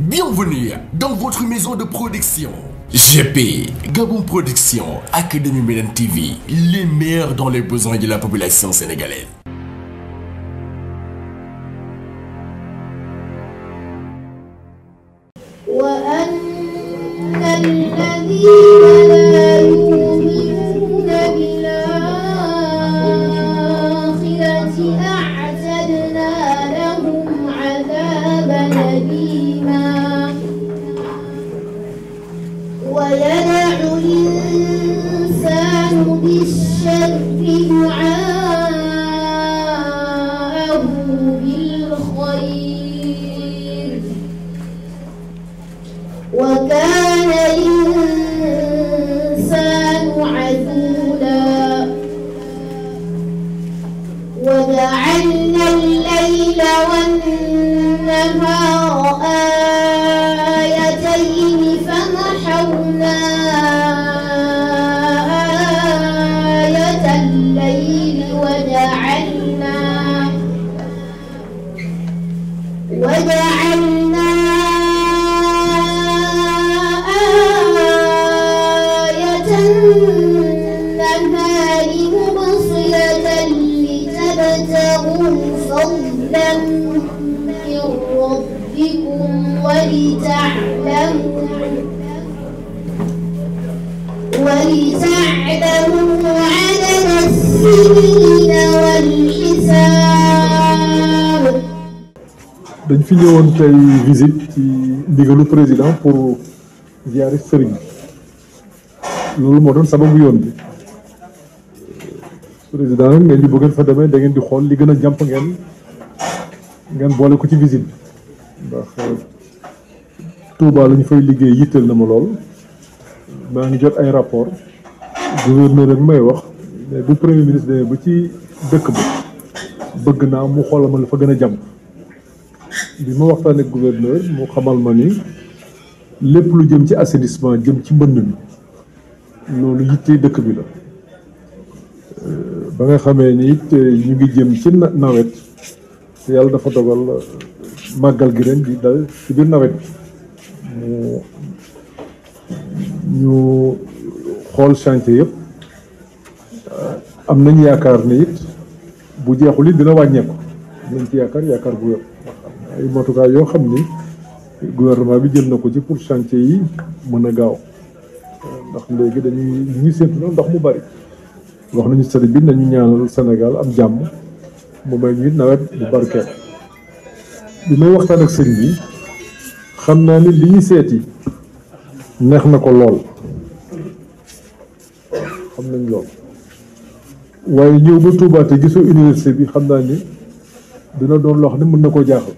Bienvenue dans votre maison de production. GP, Gabon Production, Académie Médan TV, les meilleurs dans les besoins de la population sénégalaise. وجعلنا الليل والنهار وابتغوا فضلا من ربكم ولتعلموا ولتعلموا عدد السنين والحساب dañ fi ñëwoon tey visite ci ndigalu président pour ziyaare sëriñ loolu moo doon sababu yoon bi président nag ñu di bu fa demee da ngeen di xool li gën a jàmp ngeen ngeen boole ko ci visite bi ndax euh, Touba la fay liggéey yitteel na ma lool maa ngi jot ay rapport gouverneur ak may wax mais bu premier ministre demee ci dëkk ba bëgg naa mu xoolal ma la fa gën a jàmp bi ma waxtaanee ak mu xamal ma ni lépp lu jëm ci assainissement jëm ci mbënd mi loolu yitte dëkk bi la ba nga xamee ni it eh, ñu ngi jëm ci nawet yàlla dafa dogal eh, màggal gi ren di dal ci biir nawet bi ñu xool chantier yëpp am nañ yaakaar ni it bu jeexul yi dina wàññeeku nañ ci yaakaar yoo xam ni gouvernement bi jël na ko ci pour chantier yi mën a gaaw ndax léegi dañuy ñu ngi séntu na ndox mu bari wax nañu sëriñ bi nañu ñaanal Sénégal am jàmm mu may ñu nawet bu barkeel bi may waxtaan ak sëriñ bi xam naa ni li ñu seeti neex na ko lool xam nañ lool waaye ñëw ba Touba te gisoo université bi xam naa ni dina doon loo ne mën na koo jaaxal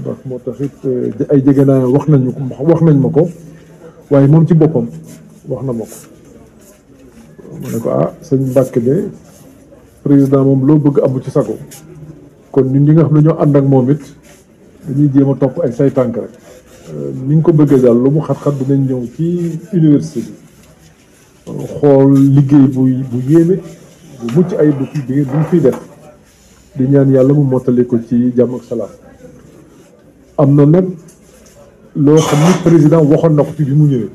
ndax moo tax eh, ay jege naa wax nañu ko wax nañ ma ko waaye moom ci boppam wax na ma ko ma ko ah sëñ Mbàkke de président moom loo bëgg amu ci sago kon ñun ñi nga xam ne ñoo ànd ak moom it dañuy jéem a topp ay say tànk rek euh, ni nga ko bëggee daal lu mu xat-xat dinañ ñëw ci université bi xool liggéey bu bu yéeme bu mucc ay bu bi mu fiy di ñaan yàlla mu mottali ko ci jàmm ak salaam am na nag loo xam ni président waxoon na ko ci bi mu ñëwee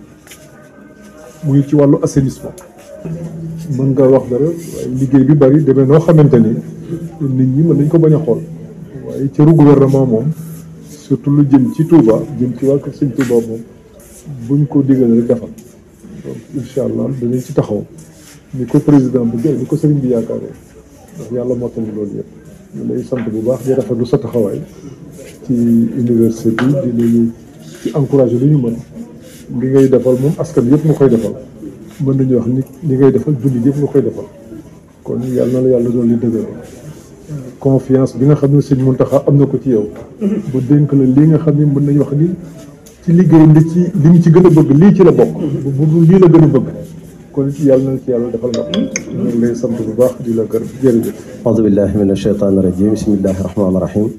muy ci wàllu assainissement mën nga wax dara waaye liggéey bi bari demee noo xamante ni nit ñi mën nañ ko bañ xool waaye cëru gouvernement moom surtout lu jëm ci Touba jëm ci waa kër sëñ Touba moom buñ ko digal rek defal donc allah danañ ci taxaw ni ko président bu jël ni ko sëriñ bi yaakaaree ndax yàlla moo tax loolu yëpp ñu lay sant bu baax di lu sa taxawaay ci université bi di lañu ci encouragé lu ñu mën li ngay defal moom askan yëpp nga koy defal mën nañu wax ni li ngay defal julli yëpp nga koy defal kon yàlla na la yàlla doon li dëgër confiance bi nga xam ne sëñ Muntaxa am na ko ci yow bu dénk la lii nga xam ne mën nañu wax ni ci liggéey li ci li ñu ci gën a bëgg lii ci la bokk bu lii la gën a bëgg kon yàlla na ci yàlla defal nga ñu ngi lay sant bu baax di la gërëm jërëjëf aoudu billahi min asheytan irajim bismillahi rahmani rahim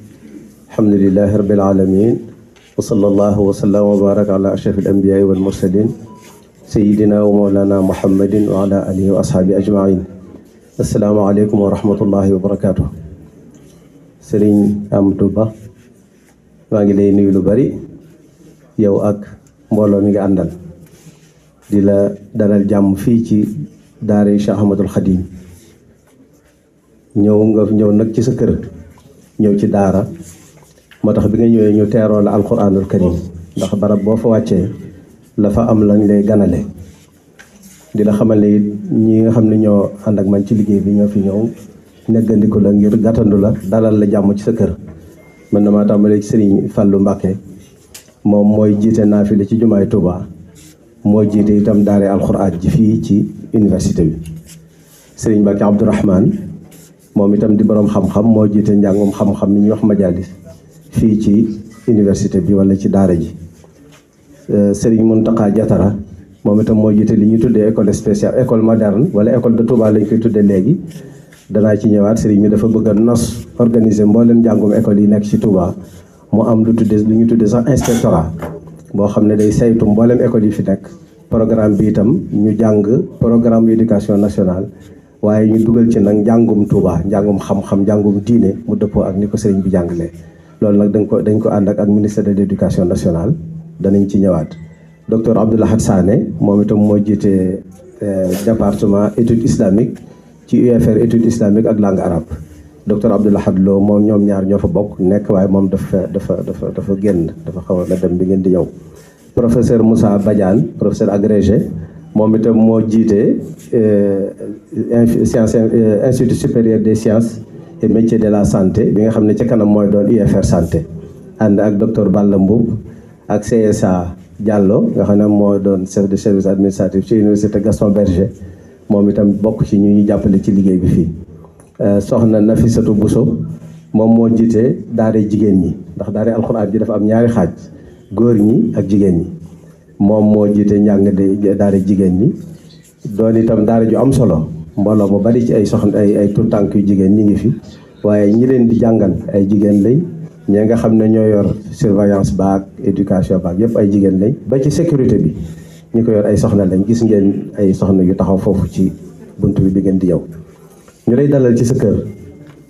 alhamdulilahi rabbil alamin wa sallallahu wa sallam wa baraka ala ashraf al anbiyaai wal mursalin sayidina wa mawlana muhammadin wa ala alihi wa ashaabi ajmain asalaamaaleykum wa rahmatullahi ngi lay nuyu lu bari yow ak mbooloo mi nga àndal di la jàmm fii ci daara Cheikh Ahmadul ñëw nga ñëw nag ci sa kër ñëw ci daara moo tax bi nga ñëwee ñu teeroo la alquranul karim ndax barab boo fa wàccee la am lañ lay ganale di la xamal it ñi nga xam ne ñoo ànd ak man ci liggéey bi ñoo fi ñëw neggandiku la ngir gàttandu la dalal la jàmm ci sa kër man damaa ma ci Serigne Fallou Mbacké moom mooy jiite naafila ci jumaay Touba moo jiite itam daare alxuraan ji fii ci université bi sëriñ Mbacké Abdourahman moom itam di boroom xam-xam moo jiite njàngum xam-xam mi ñuy wax majalis fii ci université bi wala ci daara ji Euh, Serigne Mountakha Diatara moom itam moo jiite li ñuy tuddee école spéciale école moderne wala école de Touba lañ koy tuddee léegi danaa ci ñëwaat Serigne bi dafa bëgg a nos organisé mboolem njàngum école yi nekk ci Touba mu am lu tuddee lu ñu tuddee sax inspectorat boo xam ne day saytu mboolem école yi fi nekk programme bi itam ñu jàng programme éducation nationale waaye ñu dugal ci nag njàngum Touba njàngum xam-xam njàngum diine mu dëppoo ak ni ko Serigne bi jàngalee. loolu nag dañ ko dañ ko ànd ak ak ministère de l'éducation nationale. danañ ci ñëwaat docteur Abdou Lahad Sané moom itam moo jiite euh, département étude islamique ci UFR étude islamique ak langue arabe docteur Abdou Lahad Lo moom ñoom ñaar ñoo fa bokk nekk waaye moom dafa dafa dafa dafa génn dafa xaw a dem bi ngeen di ñëw professeur Moussa Badiane professeur agrégé moom itam moo jiite euh, science euh, institut supérieur des sciences et métiers de la santé bi nga xam ne ci kanam mooy doon UFR santé ànd ak docteur Balla Mboub ak sa Diallo nga xam na moo doon chef de service administratif ci université Gaston Berger moom itam bokk ci ñu ñu jàppale ci liggéey bi fii euh, soxna Nafisatou Bousso moom moo jiite daare jigéen ñi ndax daare alxuraan ji dafa am ñaari xaaj góor ñi ak jigéen ñi moom moo jiite njàng de daare jigéen ñi doon itam daara ju am solo mbooloo mu bari ci ay soxna ay ay tuutànk yu jigéen ñi ngi fi waaye ñi leen di jàngal ay jigéen lay ñi nga xam ne ñoo yor surveillance baak éducation baak yëpp ay jigéen lañ ba ci sécurité bi ñu ko yor ay soxna lañ gis ngeen ay soxna yu taxaw foofu ci bunt bi bi ngeen di yow ñu lay dalal ci sa kër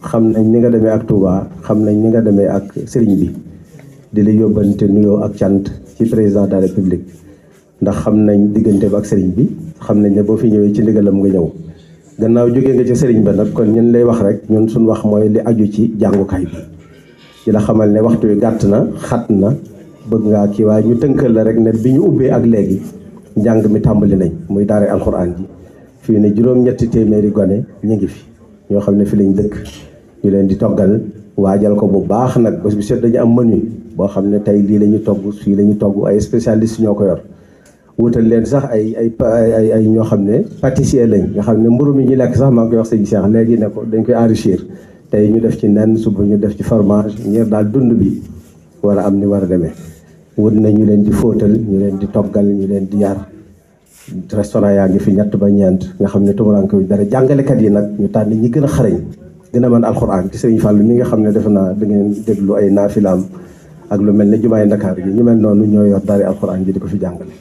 xam nañ ni nga demee ak Touba xam nañ ni nga demee ak sëriñ bi di la yóbbante nuyoo ak cant ci président la république ndax xam nañ diggante ba ak sëriñ bi xam nañ ne boo fi ñëwee ci ndigalam nga ñëw gannaaw jógee nga ci sëriñ ba nag kon ñun lay wax rek ñun suñ wax mooy li aju ci jàngukaay bi ci la xamal ne waxtu wi gàtt na xat na bëgg ngaa kii waaye ñu tënkal la rek ne bi ñu ubbee ak léegi njàng mi tàmbali nañ muy daara alxuraan ji fii ne juróom-ñetti téeméeri gone ñu ngi fi ñoo xam ne fi lañu dëkk ñu leen di toggal waajal ko bu baax nag bés bu set dañu am menu boo xam ne tey lii la togg fii lañu ñu togg ay spécialiste ñoo ko yor wutal leen sax ay ay ay ay ñoo xam ne pâtissier lañ nga xam ne mburu mi ñu lekk sax maa ngi koy wax sëñ Cheikh léegi ne ko dañ koy enrichir tey ñu def ci nen suba ñu def ci fromage ngir daal dund bi war a am ni war a demee wut na ñu leen di fóotal ñu leen di toggal ñu leen di yar restaurant yaa ngi fi ñett ba ñeent nga xam ne tumuranke bi dara jàngalekat yi nag ñu tànn ñi gën a xarañ gën a mën alxuraan ci sëriñ lu mu nga xam ne def naa da ngeen déglu ay naafilaam ak lu mel ne jumaay Ndakaar yi ñu mel noonu ñoo yor dari alxuraan ji di ko fi jàngale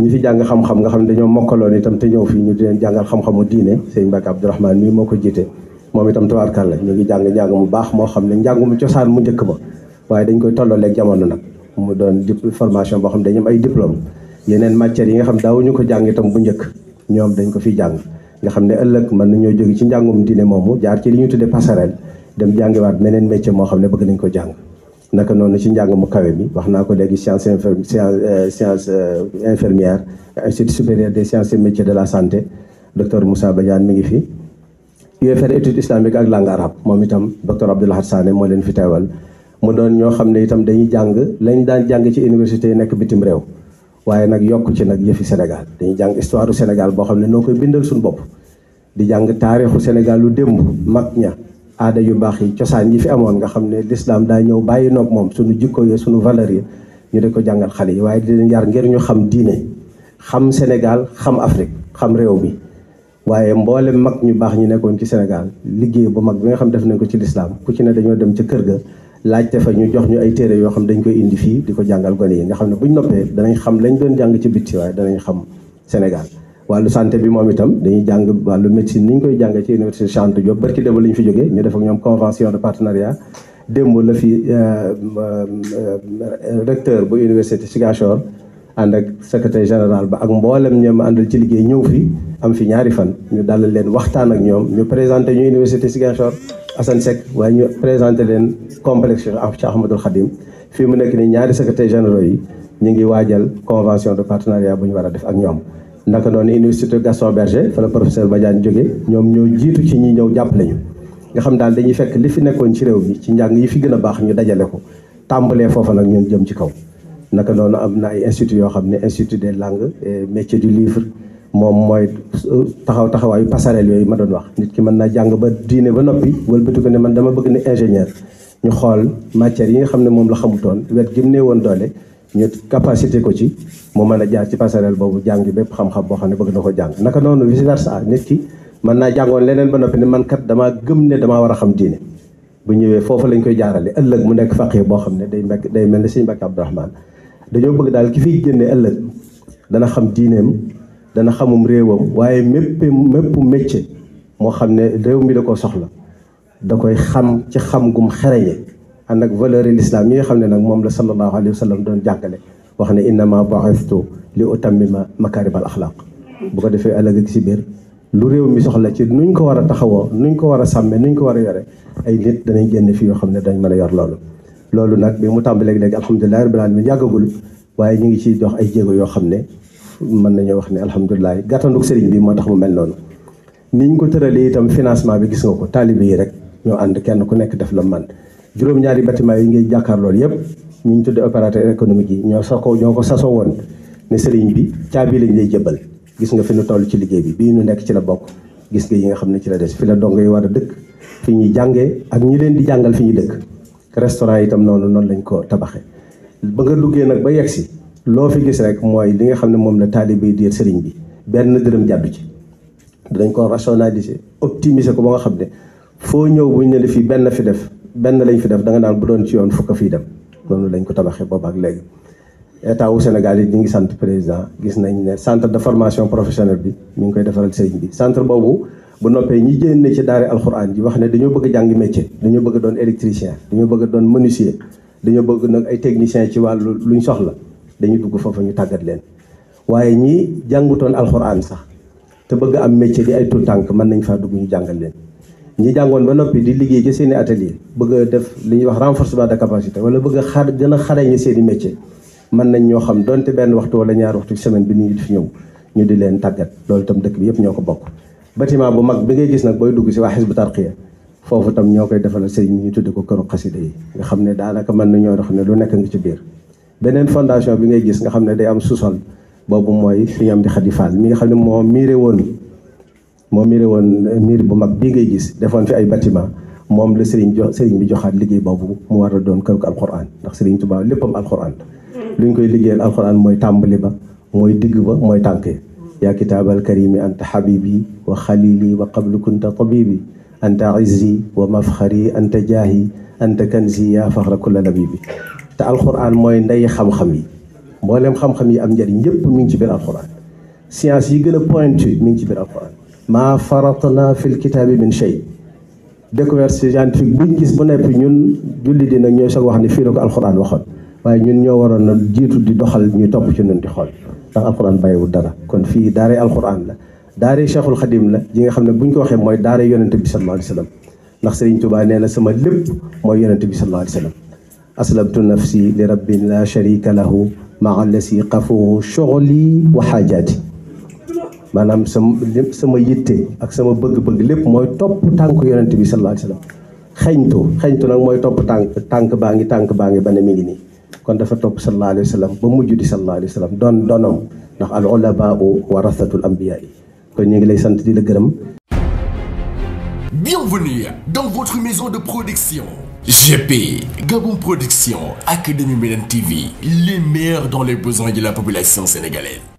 ñi fi jàng xam-xam nga xam ne dañoo mokkaloon itam te ñëw fii ñu leen jàngal xam-xamu diine sëriñ Mbàkke Abdourahmane mii moo ko jiite moom itam tabaarkàlla ñu ngi jàng njàng mu baax moo xam ne njàngum cosaan mu njëkk ba waaye dañ koy tollaleeg jamono nag mu doon formation boo xam ne dañu ay diplôme yeneen matières yi nga xam daawuñu ko jàng itam bu njëkk ñoom dañ ko fi jàng nga xam ne ëllëg mën nañoo jóge ci njàngum diine moomu jaar ci li ñu tuddee passerelle dem jàngiwaat meneen métier moo xam ne bëgg nañ ko jàng naka noonu ci njàng mu kawe mi wax naa ko léegi science infirm science euh, euh, infirmière institut supérieur des sciences et de la santé docteur Moussa Badiane mi ngi fi UFR étude islamique ak langue moom itam docteur Abdoulahad Sané moo leen fi teewal mu doon ñoo xam ne itam dañuy jàng lañ daan jàng ci université yi nekk bitim réew waaye nag yokk ci nag yëfi Sénégal dañuy jàng histoire du Sénégal boo xam ne noo koy bindal suñu bopp di jàng taarixu Sénégal lu démb mag ña aada yu baax yi cosaan yi fi amoon nga xam ne l'islam daa ñëw bàyyi noog moom suñu jikko yi suñu valeur yi ñu di ko jàngal xale yi waaye di leen ngir ñu xam diine xam Sénégal xam Afrique xam réew mi waaye mboolem mag ñu baax ñu nekkoon ci Sénégal liggéey bu mag bi nga xam def nañ ko ci lislaam ku ci ne dañoo dem ca kër ga laajte fa ñu jox ñu ay téere yoo xam dañ koy indi fii di ko jàngal gone yi nga xam ne buñ noppee danañ xam lañ doon jàng ci bitti waaye danañ xam Sénégal wàllu santé bi moom itam dañuy jàng wàllu médecine ni ñu koy jàng ci université Cheikh Anta Diop barki démb la ñu fi jógee ñu def ak ñoom convention de partenariat démb la fi euh, euh, euh, recteur bu université Ziguinchor ànd ak secrétaire général ba ak mboolem ñoom àndal ci liggéey ñëw fi am fi ñaari fan ñu dalal leen waxtaan ak ñoom ñu présenté ñu université Ziguinchor Assane Seck ñu présenté leen complexe Cheikh Ahmadoul Khadim fii mu nekk nii ñaari secrétaire généraux yi ñu ngi waajal convention de partenariat bu ñu war a def ak ñoom naka noonu université Gaston Berger fa la professeur Badiane ñoom ñoo jiitu ci ñi ñëw jàppale ñu nga xam daal dañuy fekk li fi nekkoon ci réew mi ci njàng yi fi gën a baax ñu dajale ko tàmbalee foofa nag ñun jëm ci kaw naka noonu am na ay institut yoo xam ne institut de langues et métier du livre moom mooy euh, taxaw taxawaayu passerelle yooyu ma doon wax nit ki mën naa jàng ba diine ba noppi wëlbati ko ne man dama bëgg ne ñu xool matière yi nga xam ne moom la xamutoon wet gi nee woon doole capacité ko ci mu mën a jaar ci passerelle boobu jàng bépp xam boo xam ne bëgg na ko jàng naka noonu vice versa nit ki mën naa jàngoon leneen ba noppi ne man kat damaa gëm ne damaa war a xam diine bu ñëwee foofu lañ koy jaarale ëllëg mu nekk faqih boo xam ne day mekk day mel ni Sëñ Mbàkke Abdourahmane dañoo bëgg daal ki fiy génne ëllëg dana xam diineem dana xamum réewam waaye mépp mépp métier moo xam ne réew mi da ko soxla da koy xam ci xam gum yi ànd ak valeur yi lislaam yi xam ne nag moom la sallallahu alayhi wa sallam doon jàngale wax ne innama bu'istu li utammima makaribal axlaq bu ko defee ëllëg ak si biir lu réew mi soxla ci nuñ ko war a taxawoo nuñ ko war a sàmmee nuñ ko war a yore ay nit danañ génn fi yoo xam ne dañ mën a yor loolu loolu nag bi mu tàmbalee léegi alhamdulilah rabbil alamin yàggagul waaye ñu ngi ciy jox ay jéego yoo xam ne mën nañoo wax ne alhamdulilah gàttanduk sëriñ bi moo tax mu mel noonu. ñu ko tëralee itam financement bi gis nga ko taalibe yi rek ñoo ànd kenn ku nekk def la man juróom-ñaari bâtiment yi ngay yëpp ñu ngi tuddee opérateur économique yi ñoo sasoo ñoo ko sasoo woon ne sëriñ bi caabi lañ lay jëbal gis nga fi nu toll ci liggéey bi bii ñu nekk ci la bokk gis nga yi nga xam ne ci la des fi la dong yi war a dëkk fi ñuy jànge ak ñi leen di jàngal fi ñuy dëkk restaurant yi itam noonu noonu lañ ko tabaxee ba nga duggee nag ba yegg si loo fi gis rek mooy li nga xam ne moom la taalibe yi diir sëriñ bi benn dërëm jàddu ci dinañ ko rationaliser optimiser ko ba nga xam ne foo ñëw buñ ne fii benn fi def benn lañ fi def da nga naan bu doon ci yoon fukk fii dem noonu lañ ko tabaxee boobu ak léegi état wu Sénégal yi ñu ngi sant président gis nañ ne centre de formation professionnelle bi ñu ngi koy defaral sëriñ bi centre boobu bu noppee ñi génne ci daara alxuraan ji wax ne dañoo bëgg jàng métier dañoo bëgg doon électricien dañoo bëgg doon menuisier dañoo bëgg nag ay technicien ci wàllu luñ soxla dañuy dugg foofa ñu tàggat leen waaye ñi jàngutoon alxuraan sax te bëgg am métier di ay tout tànk mën nañ faa dugg ñu jàngal leen ñi jàngoon ba noppi di liggéey ci seen i atelier bëgg a def li ñuy wax renforcement de capacité wala bëgg xar xaar gën a xarañe seen mën nañ ñoo xam donte benn waxtu wala ñaar waxtu semaine bi nit ñi ñëw ñu di leen tàggat loolu itam dëkk bi yëpp ñoo ko bokk bâtiment bu mag bi ngay gis nag booy dugg si waa xisbu tarqiya foofu tam ñoo koy defal sëriñ mi ñu tudde ko këru xasida yi nga xam ne daanaka mën na ñoo dox ne lu nekk ngi ci biir beneen fondation bi ngay gis nga xam ne day am susol boobu mooy suñu am di xadi faal mi nga xam ne moo miire woon moo miire woon miir bu mag bii ngay gis defoon fi ay bâtiment moom la sëriñ jo sëriñ bi joxaat liggéey boobu mu war a doon këru alquran ndax sëriñ Tuubaa léppam alquran luñ koy liggéeyal alquran mooy tàmbali ba mooy digg ba mooy tànk yaa kitaabal karimi anta xabibi wa xalili wa qablu kunta tabibi anta izzi wa mafxari anta jaahi anta kanzi yaa faxra kulla labibi te alxuraan mooy ndey xam-xam yi mboolem xam-xam yi am njëriñ yépp mi ngi ci biir alxuraan science yi gën a pointu mi ngi ci biir alxuraan maa faratna fil kitaabi min shay découverte scientifique buñ gis bu nekk ñun julli di nag ñooy soog wax ne fii la ko alxuraan waxoon waaye ñun ñoo waroon na jiitu di doxal ñuy topp ci ñun di xool ndax alxuraan bàyyiwul dara kon fii daaree alxuraan la daaree cheikhul xadim la ji nga xam ne bu ñu ko waxee mooy daaree yonente bi sallallahu alayhi wa sallam ndax sëriñ Tuubaa nee na sama lépp mooy yonente bi sallallahu alayhi wa sallam aslamtu nafsi li rabbin la sharika lahu maa lasi qafuhu shughli wa xaajaati maanaam sama lépp sama yitte ak sama bëgg-bëgg lépp mooy topp tànk yonente bi sallallahu alayhi wa sallam xeñtu xeñtu nag mooy topp tànk tànk baa ngi tànk baa ngi ba ne mi ngi nii kon dafa topp sallallahu alayhi wa sallam ba mujj di sallallahu alayhi wa sallam doon doonoom ndax al ulama warasatul anbiya yi kon ñu ngi lay sant di la gërëm. Bienvenue dans votre maison de production. GP, Gabon Production, Académie Médan TV, les meilleurs dans les besoins de la population sénégalaise.